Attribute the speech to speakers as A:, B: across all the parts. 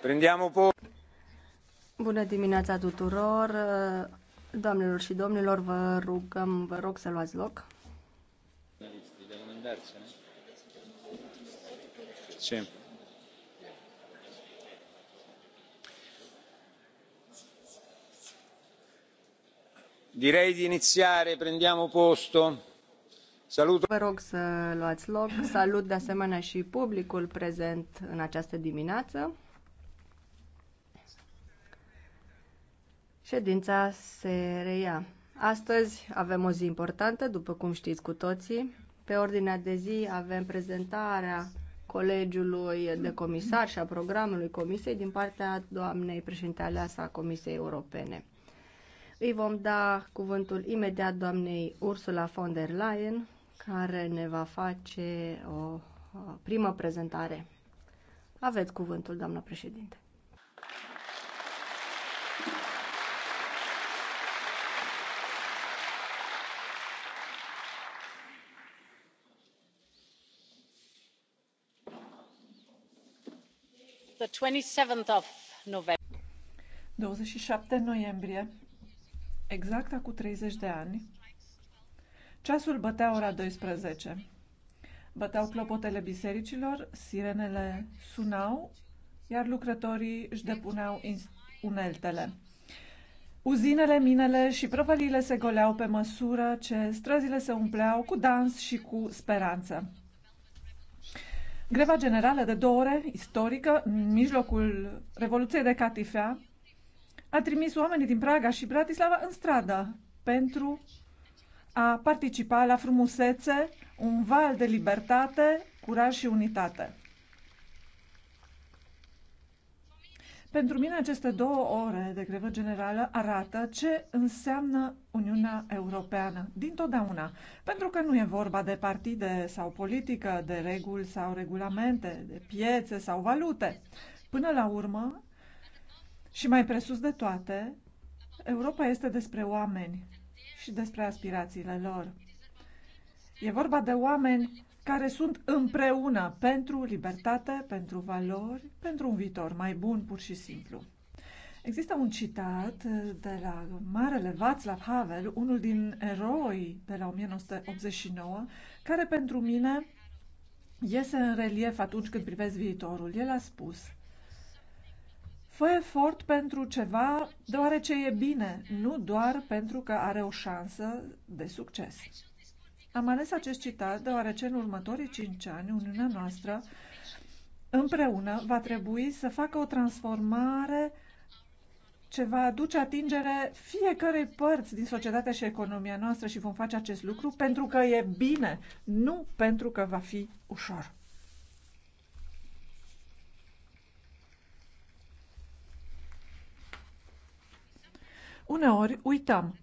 A: Prendiamo po- Bună dimineața tuturor! Doamnelor și domnilor, vă rugăm, vă rog să luați loc. Sì. Direi di iniziare, prendiamo posto. Salut. Vă rog să luați loc. Salut de asemenea și publicul prezent în această dimineață. Ședința se reia. Astăzi avem o zi importantă, după cum știți cu toții. Pe ordinea de zi avem prezentarea Colegiului de Comisar și a programului Comisiei din partea doamnei președinte aleasă a Comisiei Europene. Îi vom da cuvântul imediat doamnei Ursula von der Leyen, care ne va face o primă prezentare. Aveți cuvântul, doamna președinte.
B: 27 noiembrie, exact acum 30 de ani, ceasul bătea ora 12. Băteau clopotele bisericilor, sirenele sunau, iar lucrătorii își depuneau uneltele. Uzinele, minele și prăvăliile se goleau pe măsură ce străzile se umpleau cu dans și cu speranță. Greva generală de două ore, istorică, în mijlocul Revoluției de Catifea, a trimis oamenii din Praga și Bratislava în stradă pentru a participa la frumusețe, un val de libertate, curaj și unitate. Pentru mine aceste două ore de grevă generală arată ce înseamnă Uniunea Europeană, dintotdeauna. Pentru că nu e vorba de partide sau politică, de reguli sau regulamente, de piețe sau valute. Până la urmă, și mai presus de toate, Europa este despre oameni și despre aspirațiile lor. E vorba de oameni care sunt împreună pentru libertate, pentru valori, pentru un viitor mai bun, pur și simplu. Există un citat uh, de la Marele Václav Havel, unul din eroi de la 1989, care pentru mine iese în relief atunci când privesc viitorul. El a spus, Fă efort pentru ceva deoarece e bine, nu doar pentru că are o șansă de succes. Am ales acest citat deoarece în următorii cinci ani Uniunea noastră împreună va trebui să facă o transformare ce va aduce atingere fiecărei părți din societatea și economia noastră și vom face acest lucru pentru că e bine, nu pentru că va fi ușor. Uneori uităm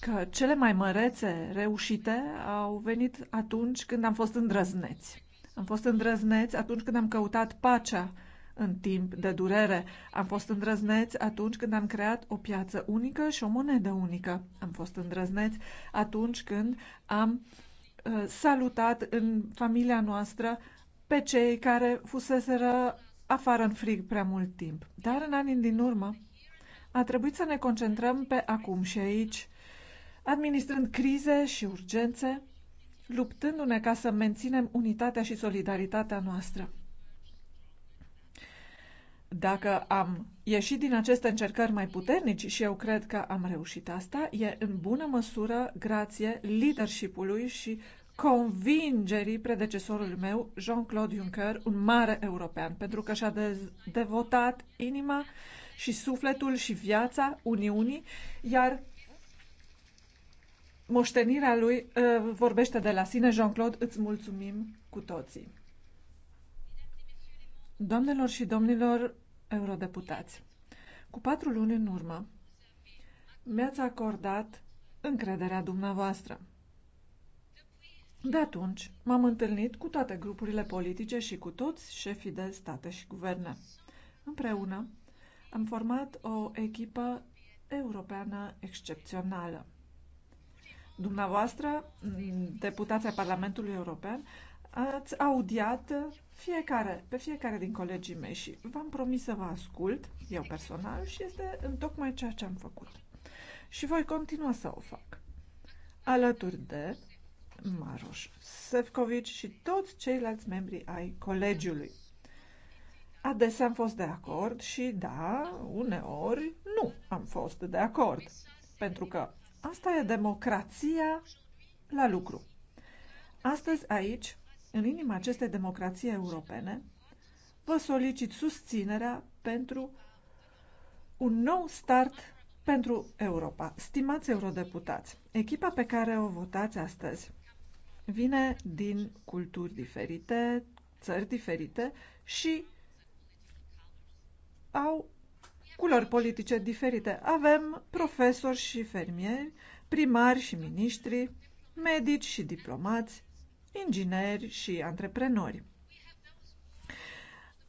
B: că cele mai mărețe reușite au venit atunci când am fost îndrăzneți. Am fost îndrăzneți atunci când am căutat pacea în timp de durere. Am fost îndrăzneți atunci când am creat o piață unică și o monedă unică. Am fost îndrăzneți atunci când am uh, salutat în familia noastră pe cei care fuseseră afară în frig prea mult timp. Dar în anii din urmă a trebuit să ne concentrăm pe acum și aici administrând crize și urgențe, luptându-ne ca să menținem unitatea și solidaritatea noastră. Dacă am ieșit din aceste încercări mai puternici și eu cred că am reușit asta, e în bună măsură grație leadershipului și convingerii predecesorului meu, Jean-Claude Juncker, un mare european, pentru că și-a devotat inima și sufletul și viața Uniunii, iar moștenirea lui uh, vorbește de la sine. Jean-Claude, îți mulțumim cu toții. Doamnelor și domnilor eurodeputați, cu patru luni în urmă mi-ați acordat încrederea dumneavoastră. De atunci m-am întâlnit cu toate grupurile politice și cu toți șefii de state și guverne. Împreună am format o echipă europeană excepțională. Dumneavoastră, deputația Parlamentului European, ați audiat fiecare, pe fiecare din colegii mei și v-am promis să vă ascult, eu personal, și este în tocmai ceea ce am făcut. Și voi continua să o fac. Alături de Maroș Sefcovici și toți ceilalți membri ai colegiului. Adesea am fost de acord și, da, uneori nu am fost de acord. Pentru că Asta e democrația la lucru. Astăzi, aici, în inima acestei democrații europene, vă solicit susținerea pentru un nou start pentru Europa. Stimați eurodeputați, echipa pe care o votați astăzi vine din culturi diferite, țări diferite și au culori politice diferite. Avem profesori și fermieri, primari și miniștri, medici și diplomați, ingineri și antreprenori.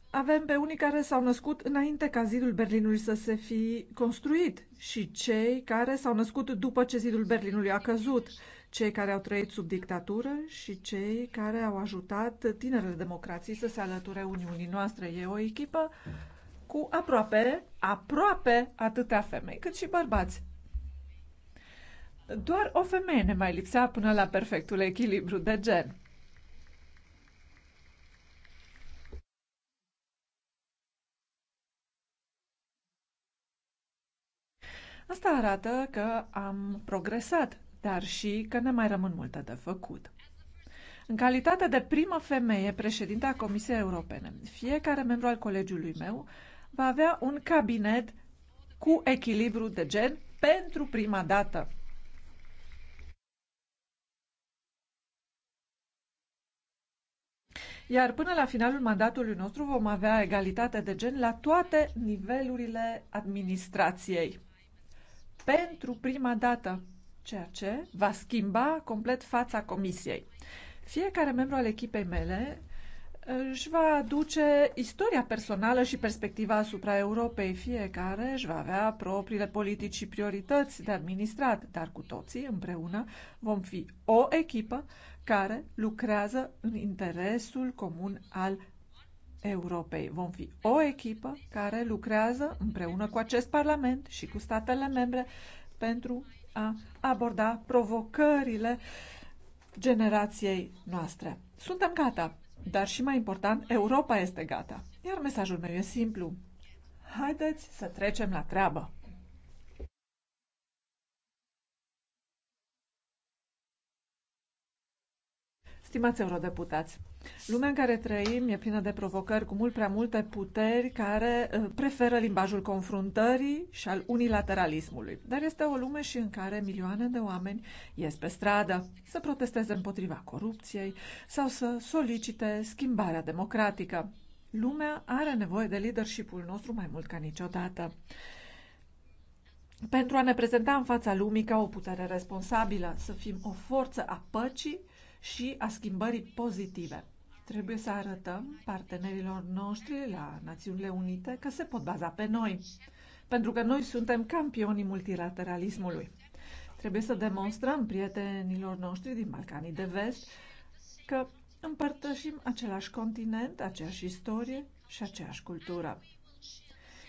B: Avem pe unii care s-au născut înainte ca zidul Berlinului să se fi construit și cei care s-au născut după ce zidul Berlinului a căzut, cei care au trăit sub dictatură și cei care au ajutat tinerele democrații să se alăture Uniunii noastre. E o echipă cu aproape, aproape atâtea femei cât și bărbați. Doar o femeie ne mai lipsea până la perfectul echilibru de gen. Asta arată că am progresat, dar și că ne mai rămân multe de făcut. În calitate de primă femeie președinte a Comisiei Europene, fiecare membru al colegiului meu va avea un cabinet cu echilibru de gen pentru prima dată. Iar până la finalul mandatului nostru vom avea egalitate de gen la toate nivelurile administrației. Pentru prima dată, ceea ce va schimba complet fața comisiei. Fiecare membru al echipei mele își va aduce istoria personală și perspectiva asupra Europei. Fiecare își va avea propriile politici și priorități de administrat, dar cu toții împreună vom fi o echipă care lucrează în interesul comun al Europei. Vom fi o echipă care lucrează împreună cu acest Parlament și cu statele membre pentru a aborda provocările generației noastre. Suntem gata dar și mai important, Europa este gata. Iar mesajul meu e simplu. Haideți să trecem la treabă. Stimați eurodeputați, Lumea în care trăim e plină de provocări cu mult prea multe puteri care uh, preferă limbajul confruntării și al unilateralismului. Dar este o lume și în care milioane de oameni ies pe stradă să protesteze împotriva corupției sau să solicite schimbarea democratică. Lumea are nevoie de leadershipul nostru mai mult ca niciodată pentru a ne prezenta în fața lumii ca o putere responsabilă, să fim o forță a păcii și a schimbării pozitive. Trebuie să arătăm partenerilor noștri la Națiunile Unite că se pot baza pe noi, pentru că noi suntem campionii multilateralismului. Trebuie să demonstrăm prietenilor noștri din Balcanii de Vest că împărtășim același continent, aceeași istorie și aceeași cultură.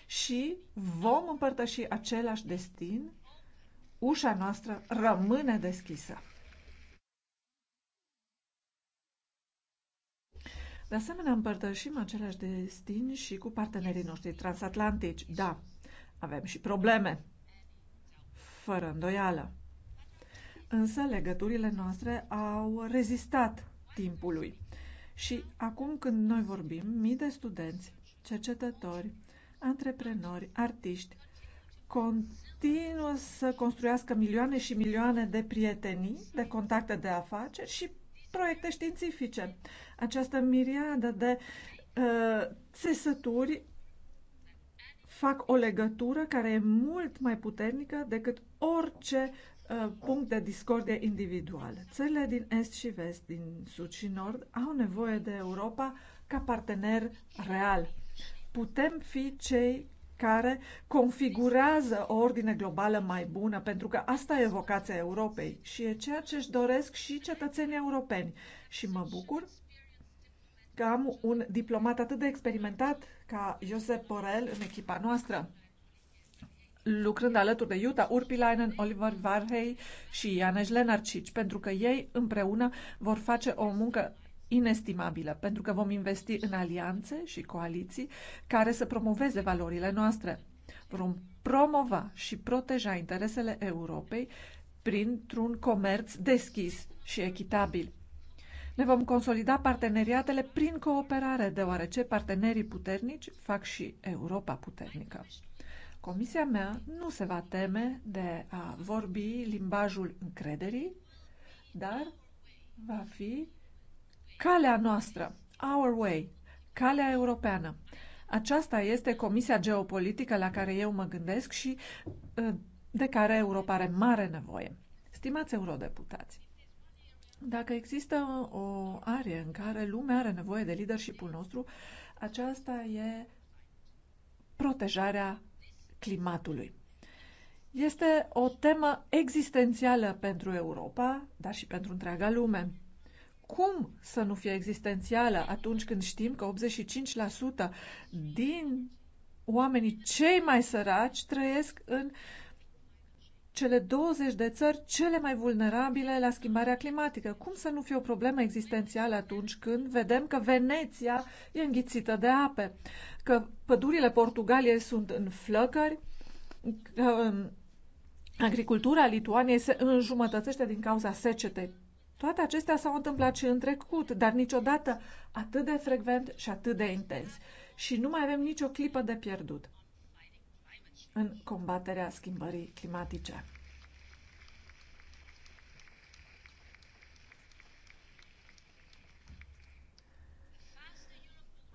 B: Și vom împărtăși același destin, ușa noastră rămâne deschisă. De asemenea, împărtășim același destin și cu partenerii noștri transatlantici. Da, avem și probleme, fără îndoială. Însă legăturile noastre au rezistat timpului. Și acum când noi vorbim, mii de studenți, cercetători, antreprenori, artiști, continuă să construiască milioane și milioane de prietenii, de contacte de afaceri și proiecte științifice. Această miriadă de uh, țesături fac o legătură care e mult mai puternică decât orice uh, punct de discordie individual. Țările din Est și Vest, din Sud și Nord, au nevoie de Europa ca partener real. Putem fi cei care configurează o ordine globală mai bună, pentru că asta e vocația Europei și e ceea ce își doresc și cetățenii europeni. Și mă bucur că am un diplomat atât de experimentat ca Josep Porel în echipa noastră lucrând alături de Iuta Urpilainen, Oliver Varhei și Ianeș Lenarcici, pentru că ei împreună vor face o muncă inestimabilă, pentru că vom investi în alianțe și coaliții care să promoveze valorile noastre. Vom promova și proteja interesele Europei printr-un comerț deschis și echitabil. Ne vom consolida parteneriatele prin cooperare, deoarece partenerii puternici fac și Europa puternică. Comisia mea nu se va teme de a vorbi limbajul încrederii, dar va fi Calea noastră, Our Way, calea europeană. Aceasta este comisia geopolitică la care eu mă gândesc și ă, de care Europa are mare nevoie. Stimați eurodeputați, dacă există o arie în care lumea are nevoie de leadershipul nostru, aceasta e protejarea climatului. Este o temă existențială pentru Europa, dar și pentru întreaga lume cum să nu fie existențială atunci când știm că 85% din oamenii cei mai săraci trăiesc în cele 20 de țări cele mai vulnerabile la schimbarea climatică. Cum să nu fie o problemă existențială atunci când vedem că Veneția e înghițită de ape, că pădurile Portugaliei sunt în flăcări, că um, agricultura Lituaniei se înjumătățește din cauza secetei. Toate acestea s-au întâmplat și în trecut, dar niciodată atât de frecvent și atât de intens. Și nu mai avem nicio clipă de pierdut în combaterea schimbării climatice.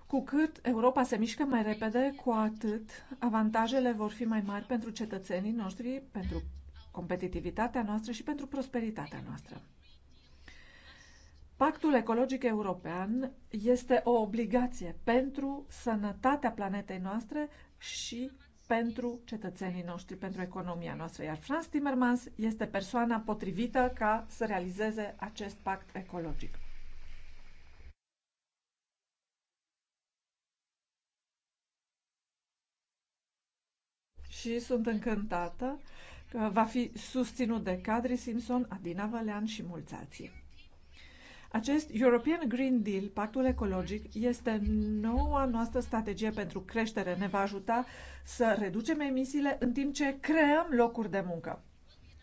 B: Cu cât Europa se mișcă mai repede, cu atât avantajele vor fi mai mari pentru cetățenii noștri, pentru competitivitatea noastră și pentru prosperitatea noastră. Pactul ecologic european este o obligație pentru sănătatea planetei noastre și pentru cetățenii noștri, pentru economia noastră. Iar Franz Timmermans este persoana potrivită ca să realizeze acest pact ecologic. Și sunt încântată că va fi susținut de Cadri Simpson, Adina Vălean și mulți alții. Acest European Green Deal, pactul ecologic, este noua noastră strategie pentru creștere. Ne va ajuta să reducem emisiile în timp ce creăm locuri de muncă.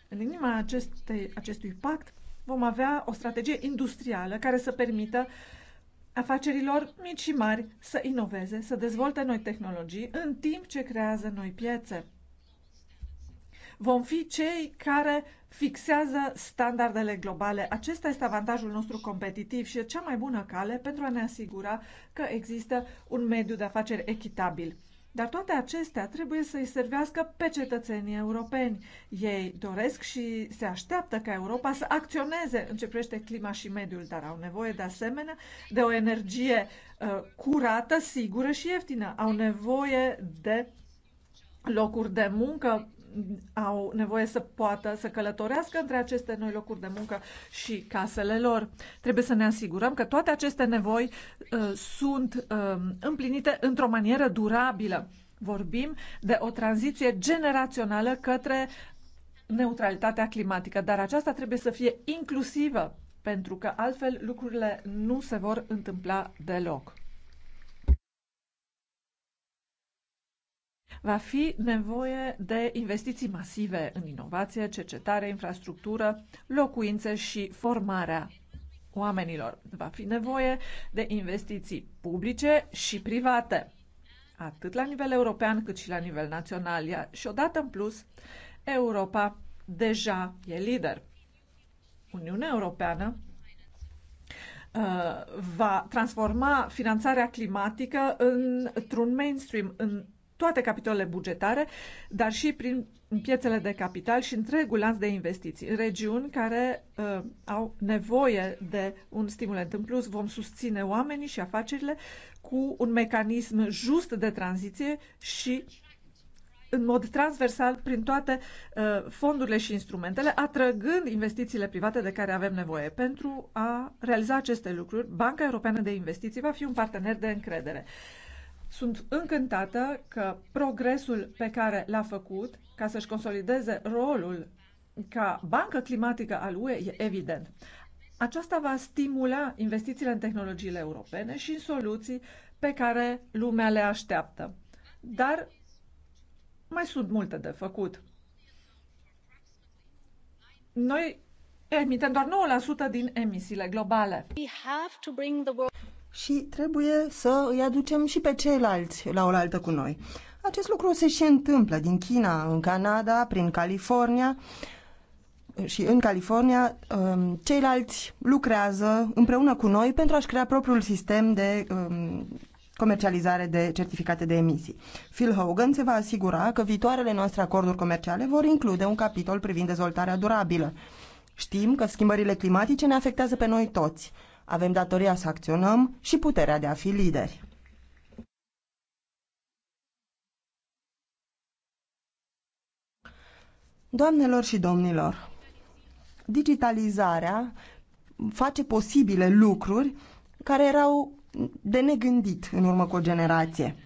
B: În inima aceste, acestui pact vom avea o strategie industrială care să permită afacerilor mici și mari să inoveze, să dezvolte noi tehnologii în timp ce creează noi piețe. Vom fi cei care fixează standardele globale. Acesta este avantajul nostru competitiv și e cea mai bună cale pentru a ne asigura că există un mediu de afaceri echitabil. Dar toate acestea trebuie să-i servească pe cetățenii europeni. Ei doresc și se așteaptă ca Europa să acționeze în ce privește clima și mediul, dar au nevoie de asemenea de o energie uh, curată, sigură și ieftină. Au nevoie de locuri de muncă au nevoie să poată să călătorească între aceste noi locuri de muncă și casele lor. Trebuie să ne asigurăm că toate aceste nevoi uh, sunt uh, împlinite într-o manieră durabilă. Vorbim de o tranziție generațională către neutralitatea climatică, dar aceasta trebuie să fie inclusivă, pentru că altfel lucrurile nu se vor întâmpla deloc. Va fi nevoie de investiții masive în inovație, cercetare, infrastructură, locuințe și formarea oamenilor. Va fi nevoie de investiții publice și private, atât la nivel european cât și la nivel național. Și odată în plus, Europa deja e lider. Uniunea Europeană uh, va transforma finanțarea climatică într-un mainstream în toate capitolele bugetare, dar și prin piețele de capital și întregul lanț de investiții. Regiuni care uh, au nevoie de un stimulant în plus, vom susține oamenii și afacerile cu un mecanism just de tranziție și în mod transversal prin toate uh, fondurile și instrumentele, atrăgând investițiile private de care avem nevoie. Pentru a realiza aceste lucruri, Banca Europeană de Investiții va fi un partener de încredere. Uh, sunt încântată că progresul pe care l-a făcut ca să-și consolideze rolul ca bancă climatică al UE e evident. Aceasta va stimula investițiile în tehnologiile europene și în soluții pe care lumea le așteaptă. Dar mai sunt multe de făcut. Noi emitem doar 9% din emisiile globale
C: și trebuie să îi aducem și pe ceilalți la oaltă cu noi. Acest lucru se și întâmplă din China, în Canada, prin California și în California um, ceilalți lucrează împreună cu noi pentru a-și crea propriul sistem de um, comercializare de certificate de emisii. Phil Hogan se va asigura că viitoarele noastre acorduri comerciale vor include un capitol privind dezvoltarea durabilă. Știm că schimbările climatice ne afectează pe noi toți avem datoria să acționăm și puterea de a fi lideri. Doamnelor și domnilor, digitalizarea face posibile lucruri care erau de negândit în urmă cu o generație.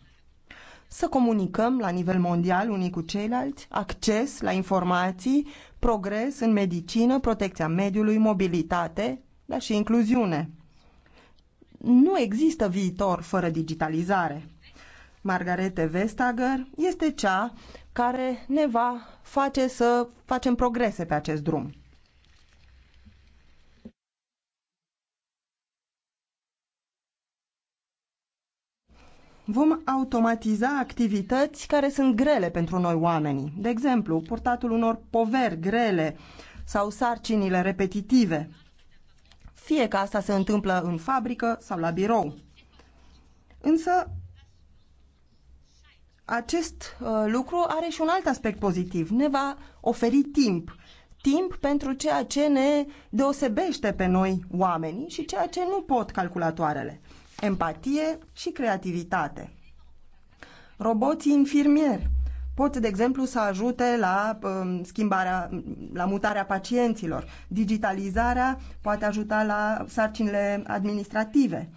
C: Să comunicăm la nivel mondial unii cu ceilalți, acces la informații, progres în medicină, protecția mediului, mobilitate, dar și incluziune. Nu există viitor fără digitalizare. Margarete Vestager este cea care ne va face să facem progrese pe acest drum. Vom automatiza activități care sunt grele pentru noi oamenii, de exemplu, portatul unor poveri grele sau sarcinile repetitive fie că asta se întâmplă în fabrică sau la birou. Însă, acest uh, lucru are și un alt aspect pozitiv. Ne va oferi timp. Timp pentru ceea ce ne deosebește pe noi oamenii și ceea ce nu pot calculatoarele. Empatie și creativitate. Roboții infirmieri, pot, de exemplu, să ajute la um, schimbarea, la mutarea pacienților. Digitalizarea poate ajuta la sarcinile administrative.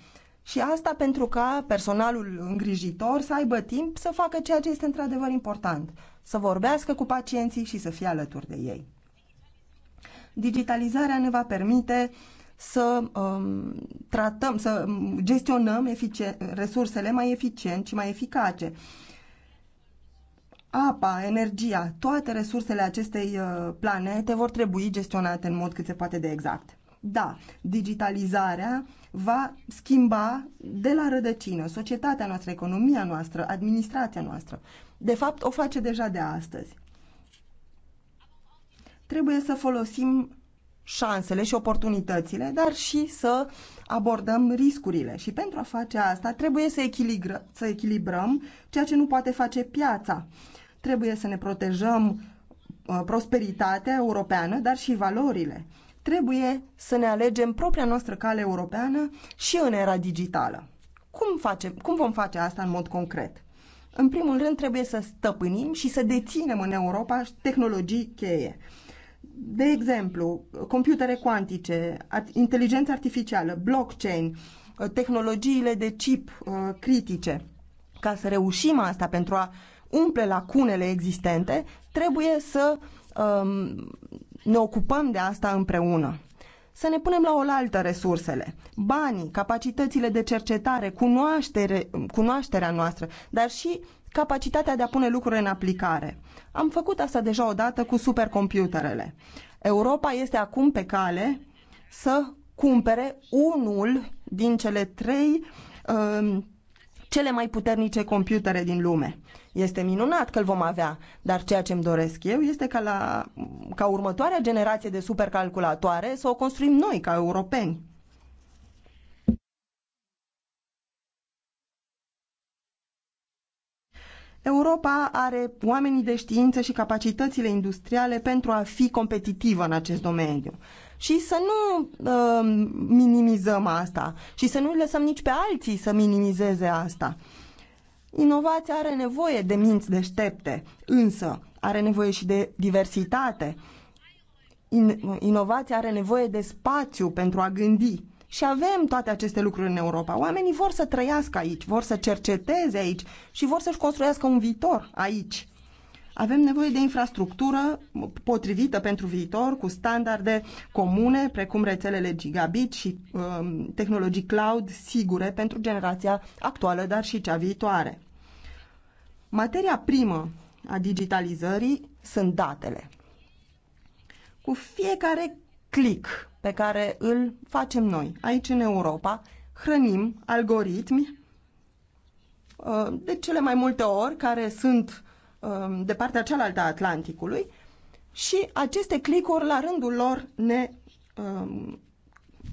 C: Și asta pentru ca personalul îngrijitor să aibă timp să facă ceea ce este într-adevăr important, să vorbească cu pacienții și să fie alături de ei. Digitalizarea ne va permite să um, tratăm, să gestionăm resursele mai eficient și mai eficace. Uh, apa, energia, toate resursele acestei uh, planete vor trebui gestionate în mod cât se poate de exact. Da, digitalizarea va schimba de la rădăcină societatea noastră, economia noastră, administrația noastră. De fapt, o face deja de astăzi. Trebuie să folosim șansele și oportunitățile, dar și să abordăm riscurile. Și pentru a face asta, trebuie să, echilibră, să echilibrăm ceea ce nu poate face piața. Uh, Trebuie să ne protejăm uh, prosperitatea europeană, dar și valorile. Trebuie să ne alegem propria noastră cale europeană și în era digitală. Cum, facem, cum vom face asta în mod concret? În primul rând, trebuie să stăpânim și să deținem în Europa tehnologii cheie. De exemplu, computere cuantice, inteligență artificială, blockchain, uh, tehnologiile de chip uh, critice. Ca să reușim asta pentru a umple lacunele existente, trebuie să um, ne ocupăm de asta împreună. Să ne punem la oaltă resursele, banii, capacitățile de cercetare, cunoaștere, cunoașterea noastră, dar și capacitatea de a pune lucrurile în aplicare. Am făcut asta deja odată cu supercomputerele. Europa este acum pe cale să cumpere unul din cele trei uh, cele mai puternice computere din lume. Este minunat că îl vom avea, dar ceea ce îmi doresc eu este ca, la, ca următoarea generație de supercalculatoare să o construim noi, ca europeni. Europa are oamenii de știință și capacitățile industriale pentru a fi competitivă în acest domeniu și să nu uh, minimizăm asta și să nu lăsăm nici pe alții să minimizeze asta. Inovația are nevoie de minți deștepte, însă are nevoie și de diversitate. In, inovația are nevoie de spațiu pentru a gândi. Și avem toate aceste lucruri în Europa. Oamenii vor să trăiască aici, vor să cerceteze aici și vor să-și construiască un viitor aici. Avem nevoie de infrastructură potrivită pentru viitor, cu standarde comune, precum rețelele gigabit și um, tehnologii cloud sigure pentru generația actuală, dar și cea viitoare. Materia primă a digitalizării sunt datele. Cu fiecare click pe care îl facem noi aici în Europa, hrănim algoritmi uh, de cele mai multe ori care sunt Um, de partea cealaltă a Atlanticului și aceste clicuri la rândul lor ne um,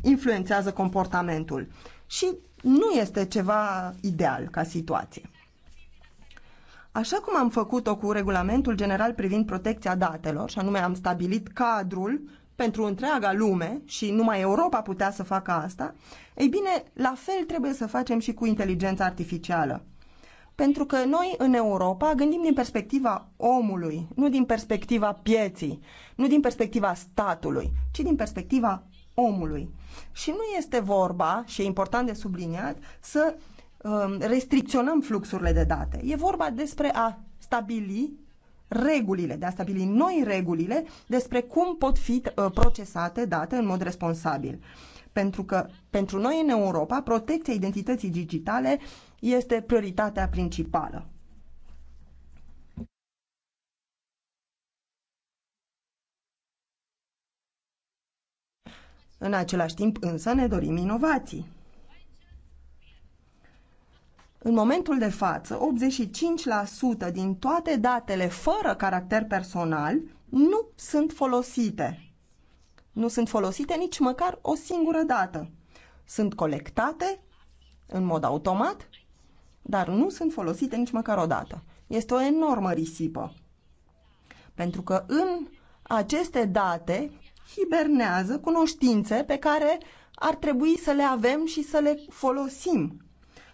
C: influențează comportamentul și nu este ceva ideal ca situație. Așa cum am făcut-o cu regulamentul general privind protecția datelor, și anume am stabilit cadrul pentru întreaga lume și numai Europa putea să facă asta, ei bine, la fel trebuie să facem și cu inteligența artificială. Pentru că noi, în Europa, gândim din perspectiva omului, nu din perspectiva pieții, nu din perspectiva statului, ci din perspectiva omului. Și nu este vorba, și e important de subliniat, să um, restricționăm fluxurile de date. E vorba despre a stabili regulile, de a stabili noi regulile despre cum pot fi uh, procesate date în mod responsabil. Pentru că pentru noi în Europa protecția identității digitale este prioritatea principală. În același timp însă ne dorim inovații. În momentul de față, 85% din toate datele fără caracter personal nu sunt folosite. Nu sunt folosite nici măcar o singură dată. Sunt colectate în mod automat dar nu sunt folosite nici măcar o dată. Este o enormă risipă. Pentru că în aceste date hibernează cunoștințe pe care ar trebui să le avem și să le folosim.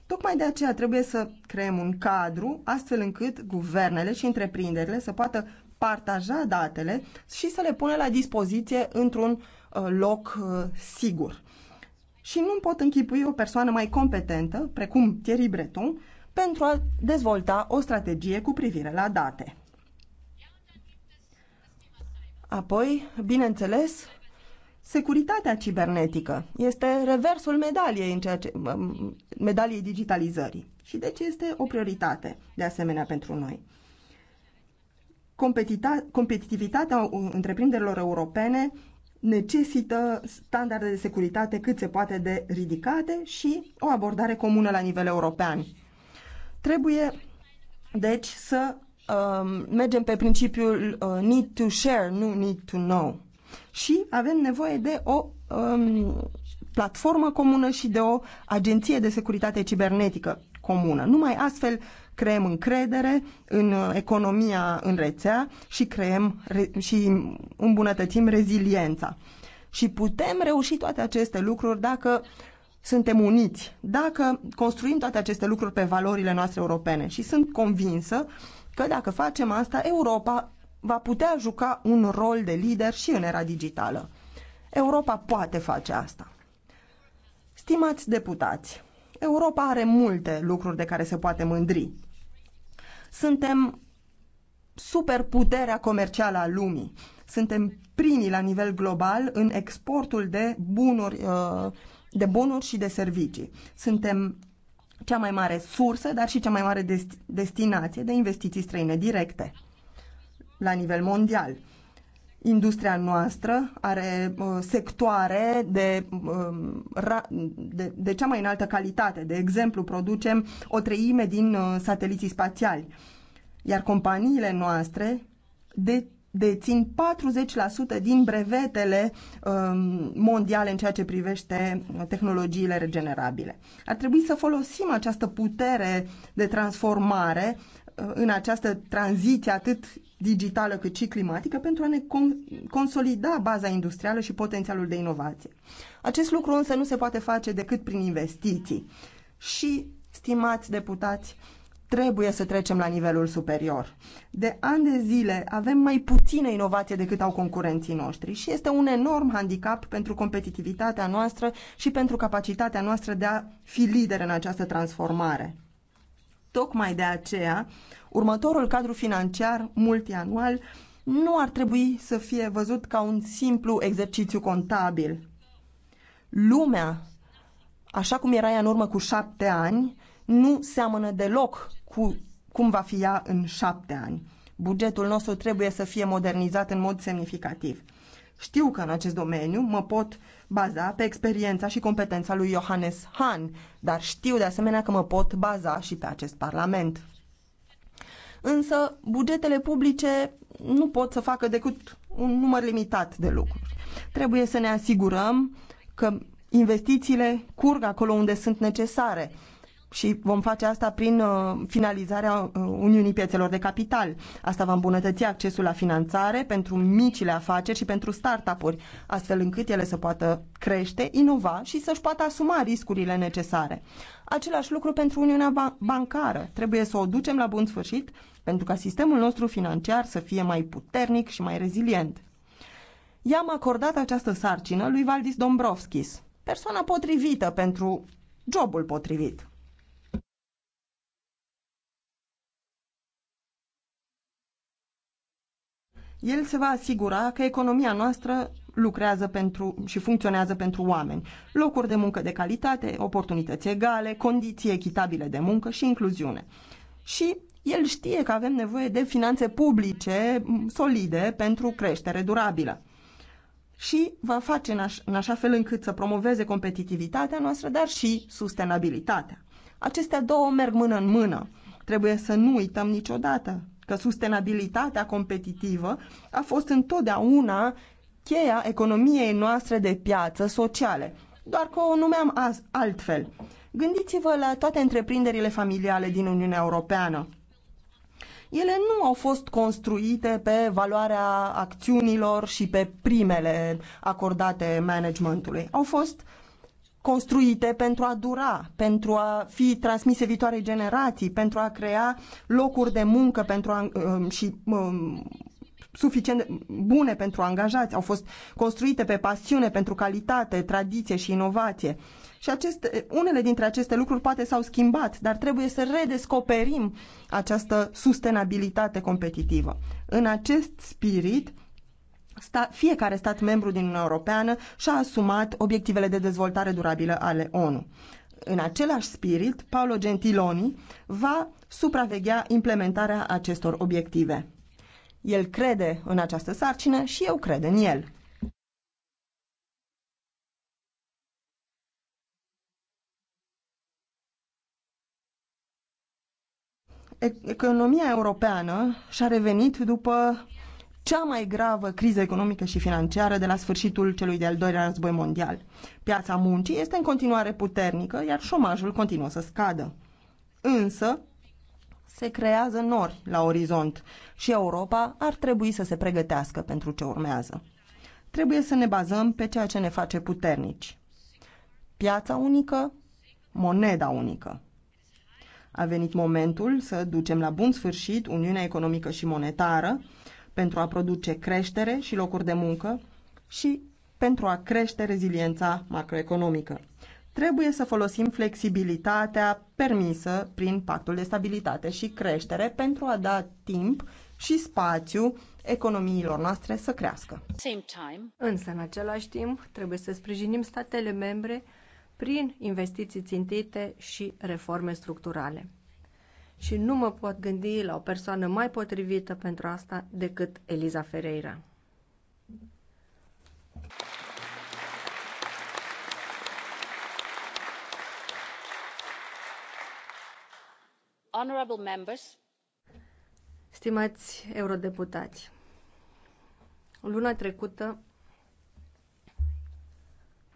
C: Tocmai de aceea trebuie să creăm un cadru astfel încât guvernele și întreprinderile să poată partaja datele și să le pună la dispoziție într-un uh, loc uh, sigur și nu pot închipui o persoană mai competentă, precum Thierry Breton, pentru a dezvolta o strategie cu privire la date. Apoi, bineînțeles, securitatea cibernetică este reversul medaliei, în ceea ce, medaliei digitalizării și deci este o prioritate de asemenea pentru noi. Competitivitatea întreprinderilor europene necesită standarde de securitate cât se poate de ridicate și o abordare comună la nivel european. Trebuie, deci, să um, mergem pe principiul uh, need to share, nu need to know. Și avem nevoie de o um, platformă comună și de o agenție de securitate cibernetică comună. Numai astfel creăm încredere în uh, economia în rețea și creăm re- și îmbunătățim reziliența. Și putem reuși toate aceste lucruri dacă suntem uniți, dacă construim toate aceste lucruri pe valorile noastre europene. Și sunt convinsă că dacă facem asta, Europa va putea juca un rol de lider și în era digitală. Europa poate face asta. Stimați deputați, Europa are multe lucruri de care se poate mândri. Suntem superputerea comercială a lumii. Suntem primii la nivel global în exportul de bunuri, uh, de bunuri și de servicii. Suntem cea mai mare sursă, dar și cea mai mare destinație de investiții străine directe la nivel mondial. Industria noastră are uh, sectoare de, uh, ra, de, de cea mai înaltă calitate. De exemplu, producem o treime din uh, sateliții spațiali. Iar companiile noastre de, dețin 40% din brevetele um, mondiale în ceea ce privește tehnologiile regenerabile. Ar trebui să folosim această putere de transformare uh, în această tranziție atât digitală cât și climatică pentru a ne consolida baza industrială și potențialul de inovație. Acest lucru însă nu se poate face decât prin investiții. Și, stimați deputați, trebuie să trecem la nivelul superior. De ani de zile avem mai puțină inovație decât au concurenții noștri și este un enorm handicap pentru competitivitatea noastră și pentru capacitatea noastră de a fi lider în această transformare. Tocmai de aceea, următorul cadru financiar multianual nu ar trebui să fie văzut ca un simplu exercițiu contabil. Lumea, așa cum era ea în urmă cu șapte ani, nu seamănă deloc cu, cum va fi ea în șapte ani. Bugetul nostru trebuie să fie modernizat în mod semnificativ. Știu că în acest domeniu mă pot baza pe experiența și competența lui Johannes Hahn, dar știu de asemenea că mă pot baza și pe acest Parlament. Însă, bugetele publice nu pot să facă decât un număr limitat de lucruri. Trebuie să ne asigurăm că investițiile curg acolo unde sunt necesare și vom face asta prin uh, finalizarea uh, Uniunii Piețelor de Capital. Asta va îmbunătăți accesul la finanțare pentru micile afaceri și pentru startup-uri, astfel încât ele să poată crește, inova și să-și poată asuma riscurile necesare. Același lucru pentru Uniunea Bancară. Trebuie să o ducem la bun sfârșit pentru ca sistemul nostru financiar să fie mai puternic și mai rezilient. I-am acordat această sarcină lui Valdis Dombrovskis, persoana potrivită pentru jobul potrivit. El se va asigura că economia noastră lucrează pentru și funcționează pentru oameni. Locuri de muncă de calitate, oportunități egale, condiții echitabile de muncă și incluziune. Și el știe că avem nevoie de finanțe publice solide pentru creștere durabilă. Și va face în, aș, în așa fel încât să promoveze competitivitatea noastră, dar și sustenabilitatea. Acestea două merg mână în mână. Trebuie să nu uităm niciodată că sustenabilitatea competitivă a fost întotdeauna cheia economiei noastre de piață sociale, doar că o numeam altfel. Gândiți-vă la toate întreprinderile familiale din Uniunea Europeană. Ele nu au fost construite pe valoarea acțiunilor și pe primele acordate managementului. Au fost construite pentru a dura, pentru a fi transmise viitoarei generații, pentru a crea locuri de muncă pentru a, um, și um, suficient bune pentru angajați, au fost construite pe pasiune pentru calitate, tradiție și inovație. Și aceste, unele dintre aceste lucruri poate s-au schimbat, dar trebuie să redescoperim această sustenabilitate competitivă. În acest spirit, sta, fiecare stat membru din Uniunea Europeană și-a asumat obiectivele de dezvoltare durabilă ale ONU. În același spirit, Paolo Gentiloni va supraveghea implementarea acestor obiective. El crede în această sarcină și eu cred în el. economia europeană și-a revenit după cea mai gravă criză economică și financiară de la sfârșitul celui de-al doilea război mondial. Piața muncii este în continuare puternică, iar șomajul continuă să scadă. Însă, se creează nori la orizont și Europa ar trebui să se pregătească pentru ce urmează. Trebuie să ne bazăm pe ceea ce ne face puternici. Piața unică, moneda unică. A venit momentul să ducem la bun sfârșit Uniunea Economică și Monetară, pentru a produce creștere și locuri de muncă și pentru a crește reziliența macroeconomică. Trebuie să folosim flexibilitatea permisă prin pactul de stabilitate și creștere pentru a da timp și spațiu economiilor noastre să crească.
A: Însă, în același timp, trebuie să sprijinim statele membre prin investiții țintite și reforme structurale și nu mă pot gândi la o persoană mai potrivită pentru asta decât Eliza Ferreira. Honorable members, Stimați eurodeputați, luna trecută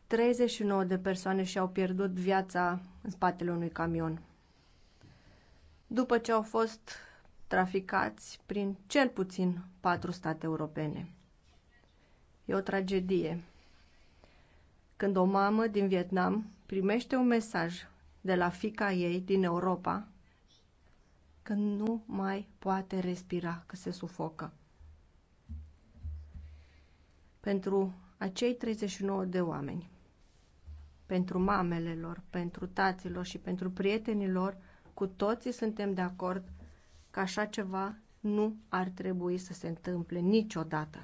A: 39 de persoane și-au pierdut viața în spatele unui camion după ce au fost traficați prin cel puțin patru state europene. E o tragedie. Când o mamă din Vietnam primește un mesaj de la fica ei din Europa că nu mai poate respira, că se sufocă. Pentru acei 39 de oameni, pentru mamele lor, pentru taților și pentru prietenilor cu toții suntem de acord că așa ceva nu ar trebui să se întâmple niciodată.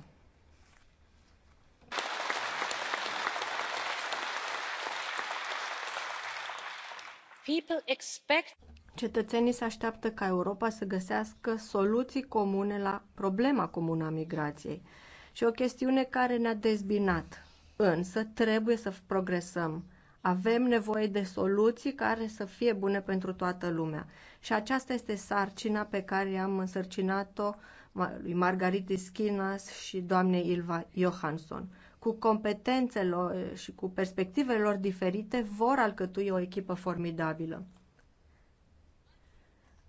A: Expect... Cetățenii se așteaptă ca Europa să găsească soluții comune la problema comună a migrației. Și o chestiune care ne-a dezbinat. Însă trebuie să progresăm avem nevoie de soluții care să fie bune pentru toată lumea. Și aceasta este sarcina pe care am însărcinat-o lui Margarita Schinas și doamnei Ilva Johansson. Cu competențele eh, și cu perspectivele lor diferite vor alcătui o echipă formidabilă.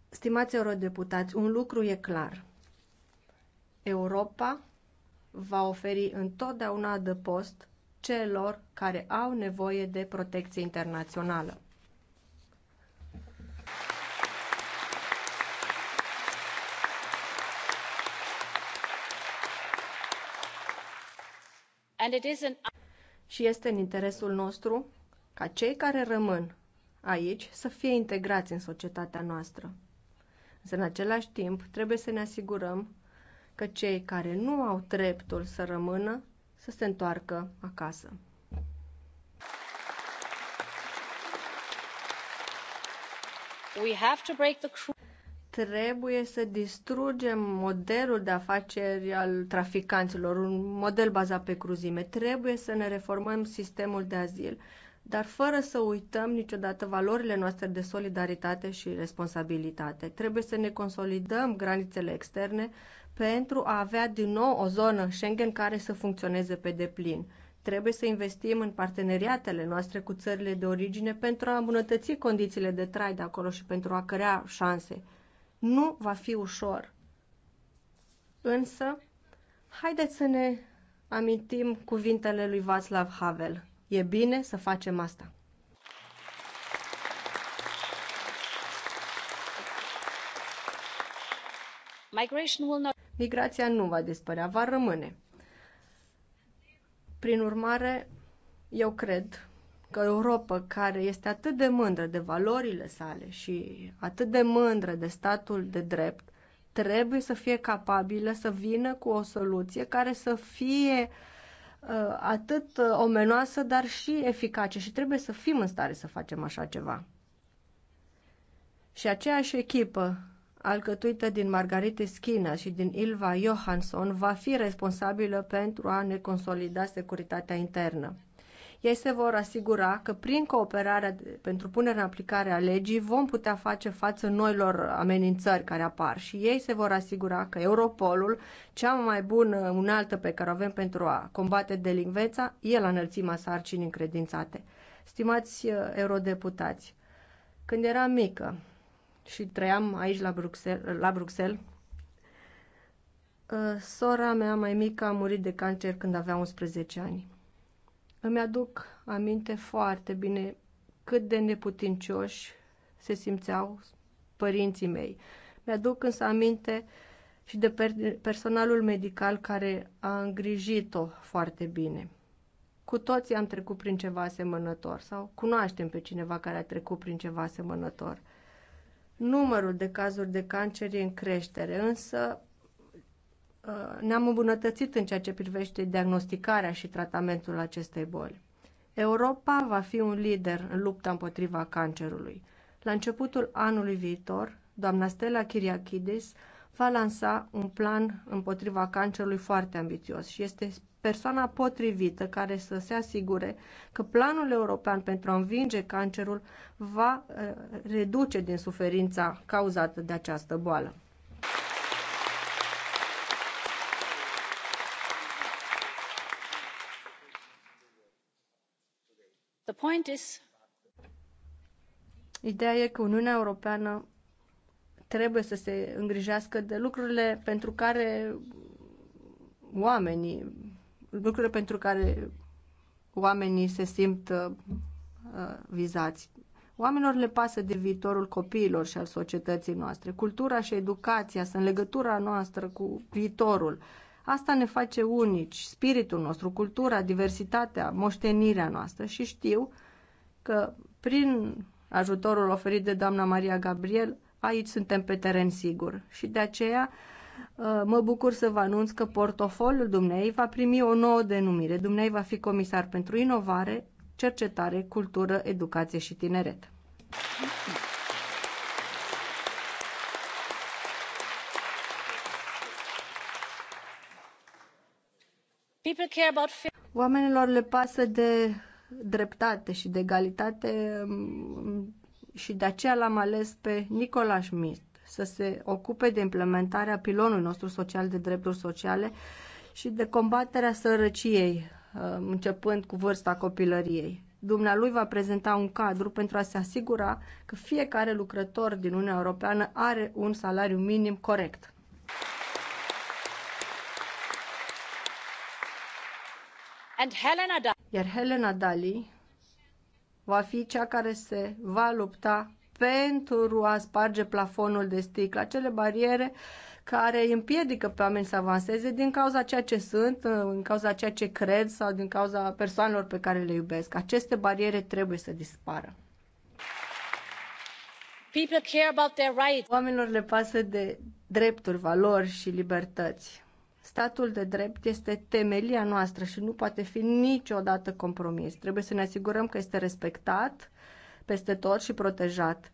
A: Stimați eurodeputați, un lucru e clar. Europa va oferi întotdeauna adăpost celor care au nevoie de protecție internațională. Și este în interesul nostru ca cei care rămân aici să fie integrați în societatea noastră. Însă, în același timp, trebuie să ne asigurăm că cei care nu au dreptul să rămână să se întoarcă acasă. We have to break the trebuie să distrugem modelul de afaceri al traficanților, un model bazat pe cruzime. Trebuie să ne reformăm sistemul de azil, dar fără să uităm niciodată valorile noastre de solidaritate și responsabilitate. Trebuie să ne consolidăm granițele externe pentru a avea din nou o zonă Schengen care să funcționeze pe deplin. Trebuie să investim în parteneriatele noastre cu țările de origine pentru a îmbunătăți condițiile de trai de acolo și pentru a crea șanse. Nu va fi ușor. Însă, haideți să ne amintim cuvintele lui Václav Havel. E bine să facem asta. Migration will not migrația nu va dispărea, va rămâne. Prin urmare, eu cred că Europa, care este atât de mândră de valorile sale și atât de mândră de statul de drept, trebuie să fie capabilă să vină cu o soluție care să fie uh, atât uh, omenoasă, dar și eficace și trebuie să fim în stare să facem așa ceva. Și aceeași echipă alcătuită din Margarete Schina și din Ilva Johansson, va fi responsabilă pentru a ne consolida securitatea internă. Ei se vor asigura că prin cooperarea pentru punerea în aplicare a legii vom putea face față noilor amenințări care apar și ei se vor asigura că Europolul, cea mai bună unaltă pe care o avem pentru a combate delinvența, e la înălțimea sarcinii încredințate. Stimați uh, eurodeputați, când eram mică, și trăiam aici la Bruxelles, la Bruxelles. Uh, sora mea mai mică a murit de cancer când avea 11 ani. Îmi aduc aminte foarte bine cât de neputincioși se simțeau părinții mei. Mi-aduc însă aminte și de personalul medical care a îngrijit-o foarte bine. Cu toții am trecut prin ceva asemănător sau cunoaștem pe cineva care a trecut prin ceva asemănător – numărul de cazuri de cancer e în creștere, însă uh, ne-am îmbunătățit în ceea ce privește diagnosticarea și tratamentul acestei boli. Europa va fi un lider în lupta împotriva cancerului. La începutul anului viitor, doamna Stella Kiriakidis va lansa un plan împotriva cancerului foarte ambițios și este persoana potrivită care să se asigure că planul european pentru a învinge cancerul va eh, reduce din suferința cauzată de această boală. The point is... Ideea e că Uniunea Europeană trebuie să se îngrijească de lucrurile pentru care oamenii lucrurile pentru care oamenii se simt uh, uh, vizați. Oamenilor le pasă de viitorul copiilor și al societății noastre. Cultura și educația sunt legătura noastră cu viitorul. Asta ne face unici, spiritul nostru, cultura, diversitatea, moștenirea noastră și știu că prin ajutorul oferit de doamna Maria Gabriel, aici suntem pe teren sigur și de aceea uh, Uh, mă bucur să vă anunț că portofoliul dumnei va primi o nouă denumire. Dumnei va fi comisar pentru inovare, cercetare, cultură, educație și tineret. Oamenilor le pasă de dreptate și de egalitate mm, și de aceea l-am ales pe Nicolaș Mist să se ocupe de implementarea pilonului nostru social de drepturi sociale și de combaterea sărăciei, uh, începând cu vârsta copilăriei. Dumnealui va prezenta un cadru pentru a se asigura că fiecare lucrător din Uniunea Europeană are un salariu minim corect. And Helena da- Iar Helena Dali va fi cea care se va lupta pentru a sparge plafonul de sticlă, acele bariere care îi împiedică pe oameni să avanseze din cauza ceea ce sunt, din cauza ceea ce cred sau din cauza persoanelor pe care le iubesc. Aceste bariere trebuie să dispară. People care about their rights. Oamenilor le pasă de drepturi, valori și libertăți. Statul de drept este temelia noastră și nu poate fi niciodată compromis. Trebuie să ne asigurăm că este respectat peste tot și protejat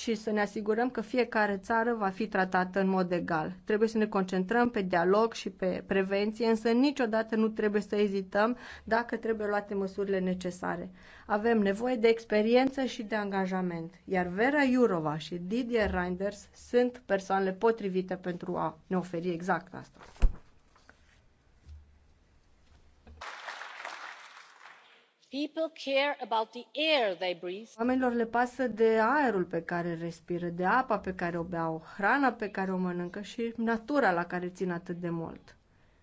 A: și să ne asigurăm că fiecare țară va fi tratată în mod egal. Trebuie să ne concentrăm pe dialog și pe prevenție, însă niciodată nu trebuie să ezităm dacă trebuie luate măsurile necesare. Avem nevoie de experiență și de angajament, iar Vera Iurova și Didier Reinders sunt persoanele potrivite pentru a ne oferi exact asta. Oamenilor le pasă de aerul pe care îl respiră, de apa pe care o beau, hrana pe care o mănâncă și natura la care țin atât de mult.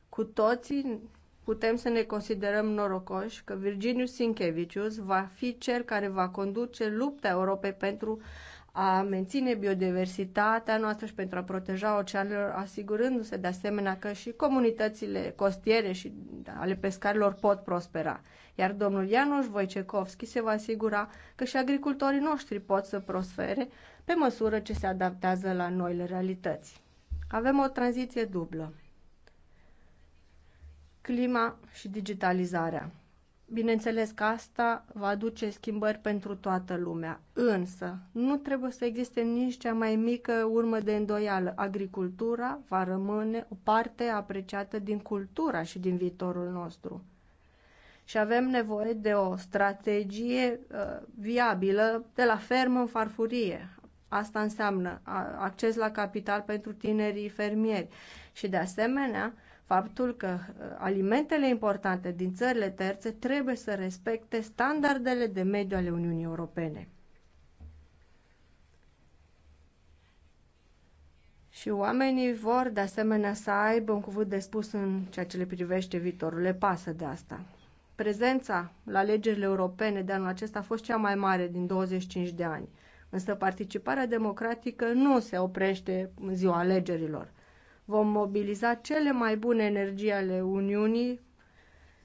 A: Cu toții putem să ne considerăm norocoși că Virginius Sinkevicius va fi cel care va conduce lupta Europei pentru a menține biodiversitatea noastră și pentru a proteja oceanelor, asigurându-se de asemenea că și comunitățile costiere și ale pescarilor pot prospera. Iar domnul Ianoș Voicecovski se va asigura că și agricultorii noștri pot să prospere pe măsură ce se adaptează la noile realități. Avem o tranziție dublă. Clima și digitalizarea. Bineînțeles că asta va aduce schimbări pentru toată lumea, însă nu trebuie să existe nici cea mai mică urmă de îndoială. Agricultura va rămâne o parte apreciată din cultura și din viitorul nostru. Și avem nevoie de o strategie uh, viabilă de la fermă în farfurie. Asta înseamnă acces la capital pentru tinerii fermieri și, de asemenea, faptul că uh, alimentele importante din țările terțe trebuie să respecte standardele de mediu ale Uniunii Europene. Și oamenii vor, de asemenea, să aibă un cuvânt de spus în ceea ce le privește viitorul. Le pasă de asta. Prezența la alegerile europene de anul acesta a fost cea mai mare din 25 de ani, însă participarea democratică nu se oprește în ziua alegerilor. Vom mobiliza cele mai bune energii ale Uniunii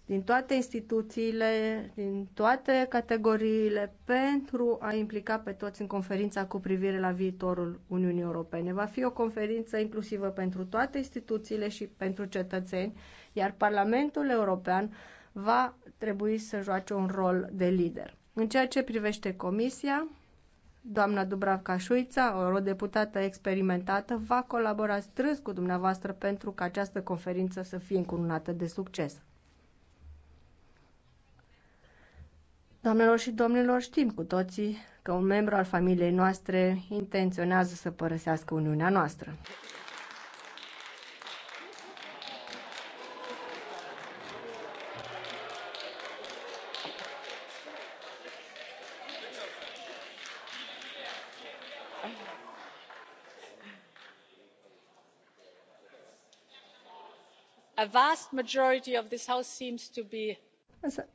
A: din toate instituțiile, din toate categoriile, pentru a implica pe toți în conferința cu privire la viitorul Uniunii Europene. Va fi o conferință inclusivă pentru toate instituțiile și pentru cetățeni, iar Parlamentul European va trebui să joace un rol de lider. În ceea ce privește Comisia, Doamna Dubravka Șuița, eurodeputată experimentată, va colabora strâns cu dumneavoastră pentru ca această conferință să fie încununată de succes. Doamnelor și domnilor, știm cu toții că un membru al familiei noastre intenționează să părăsească Uniunea noastră.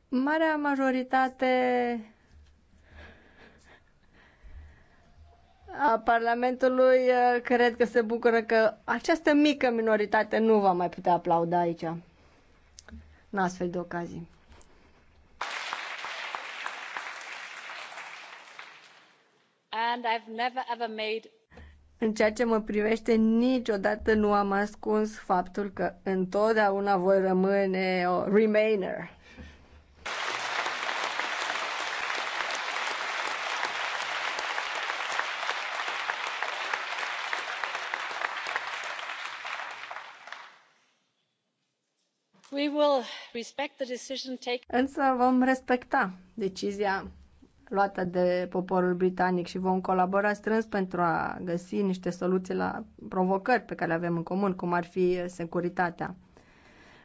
A: marea majoritate a Parlamentului eh, cred că se bucură că această mică minoritate nu va mai putea aplauda aici în astfel de ocazii. And I've never ever made în ceea ce mă privește, niciodată nu am ascuns faptul că întotdeauna voi rămâne o remainer. We will respect the decision taken. Însă vom respecta decizia luată de poporul britanic și vom colabora strâns pentru a găsi niște soluții la provocări pe care le avem în comun, cum ar fi securitatea.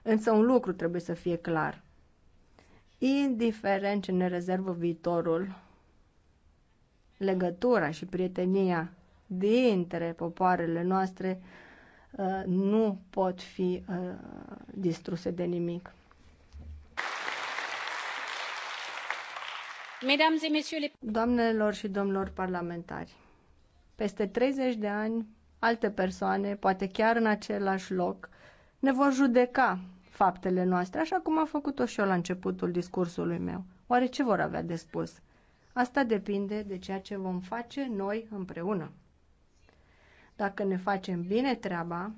A: Însă un lucru trebuie să fie clar. Indiferent ce ne rezervă viitorul, legătura și prietenia dintre popoarele noastre uh, nu pot fi uh, distruse de nimic. Doamnelor și domnilor parlamentari, peste 30 de ani, alte persoane, poate chiar în același loc, ne vor judeca faptele noastre, așa cum am făcut-o și eu la începutul discursului meu. Oare ce vor avea de spus? Asta depinde de ceea ce vom face noi împreună. Dacă ne facem bine treaba,